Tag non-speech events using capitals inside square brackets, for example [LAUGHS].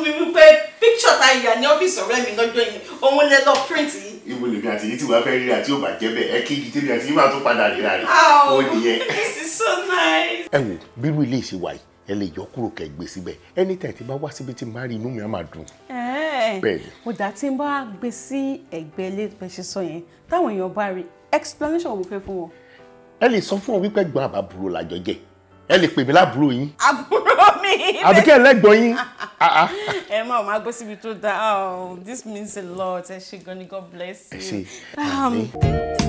fún mi wípé píkṣọ̀ ta ìyà ní ọ́fíìsì ọ̀rẹ́ mi lọ́jọ́ yẹn òun lẹ lọ print yìí. ibo lèmi àti yìí tí wàá fẹ́ rírà tí ò bá bẹ́ẹ̀ ẹ kéjì tèmi àti yìí máa tún padà rírà rẹ̀ ó nìyẹn. [LAUGHS] this is so nice. ẹ wo bírú ilé ìṣe wà yìí ẹ lè yọ kúrò kẹ gbé síbẹ̀ ẹni tẹ̀ tí bá wá síbi tí má rí inú mi á máa dùn. bẹ́ẹ̀ni. mo dà tí n bá gbé sí ẹ̀gbẹ́ ilé bẹ ṣe sọ yẹn táwọn èèyàn bá rí explanation mo fẹ́ fún wọn. ẹ lè sọ fún wọn wípé gbọ́n àbábúrò làjọ jẹ ẹ lè pè mí lábúrò yín. àbúrò mi. àbíkẹ́ ẹlẹ́gbọ̀n yín [LAUGHS] ẹ má ọ máa gbé síbi tó Oh, this means a lot ẹ ṣé gan God bless you. ẹ ṣé um, àmín.